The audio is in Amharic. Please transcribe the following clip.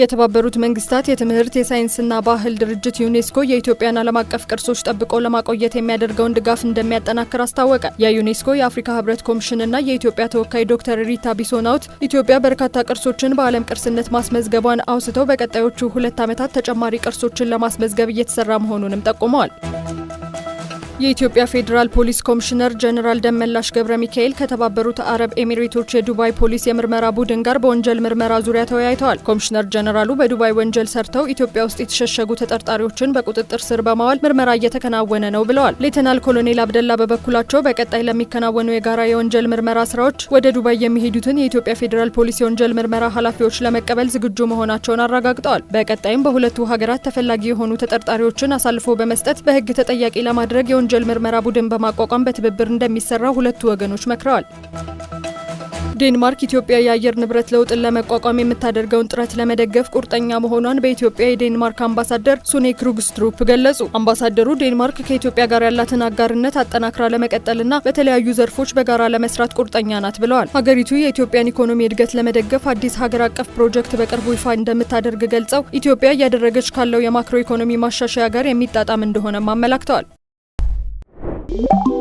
የተባበሩት መንግስታት የትምህርት የሳይንስና ባህል ድርጅት ዩኔስኮ የኢትዮጵያን ዓለም አቀፍ ቅርሶች ጠብቆ ለማቆየት የሚያደርገውን ድጋፍ እንደሚያጠናክር አስታወቀ። የዩኔስኮ የአፍሪካ ህብረት ኮሚሽንና የኢትዮጵያ ተወካይ ዶክተር ሪታ ቢሶናውት ኢትዮጵያ በርካታ ቅርሶችን በዓለም ቅርስነት ማስመዝገቧን አውስተው በቀጣዮቹ ሁለት ዓመታት ተጨማሪ ቅርሶችን ለማስመዝገብ እየተሰራ መሆኑንም ጠቁመዋል። የኢትዮጵያ ፌዴራል ፖሊስ ኮሚሽነር ጀኔራል ደመላሽ ገብረ ሚካኤል ከተባበሩት አረብ ኤሚሬቶች የዱባይ ፖሊስ የምርመራ ቡድን ጋር በወንጀል ምርመራ ዙሪያ ተወያይተዋል። ኮሚሽነር ጀኔራሉ በዱባይ ወንጀል ሰርተው ኢትዮጵያ ውስጥ የተሸሸጉ ተጠርጣሪዎችን በቁጥጥር ስር በማዋል ምርመራ እየተከናወነ ነው ብለዋል። ሌተናል ኮሎኔል አብደላ በበኩላቸው በቀጣይ ለሚከናወኑ የጋራ የወንጀል ምርመራ ስራዎች ወደ ዱባይ የሚሄዱትን የኢትዮጵያ ፌዴራል ፖሊስ የወንጀል ምርመራ ኃላፊዎች ለመቀበል ዝግጁ መሆናቸውን አረጋግጠዋል። በቀጣይም በሁለቱ ሀገራት ተፈላጊ የሆኑ ተጠርጣሪዎችን አሳልፎ በመስጠት በህግ ተጠያቂ ለማድረግ የወንጀል ምርመራ ቡድን በማቋቋም በትብብር እንደሚሰራ ሁለቱ ወገኖች መክረዋል። ዴንማርክ ኢትዮጵያ የአየር ንብረት ለውጥን ለመቋቋም የምታደርገውን ጥረት ለመደገፍ ቁርጠኛ መሆኗን በኢትዮጵያ የዴንማርክ አምባሳደር ሱኔ ክሩግስትሩፕ ገለጹ። አምባሳደሩ ዴንማርክ ከኢትዮጵያ ጋር ያላትን አጋርነት አጠናክራ ለመቀጠልና በተለያዩ ዘርፎች በጋራ ለመስራት ቁርጠኛ ናት ብለዋል። ሀገሪቱ የኢትዮጵያን ኢኮኖሚ እድገት ለመደገፍ አዲስ ሀገር አቀፍ ፕሮጀክት በቅርቡ ይፋ እንደምታደርግ ገልጸው ኢትዮጵያ እያደረገች ካለው የማክሮ ኢኮኖሚ ማሻሻያ ጋር የሚጣጣም እንደሆነም አመላክተዋል። Bye.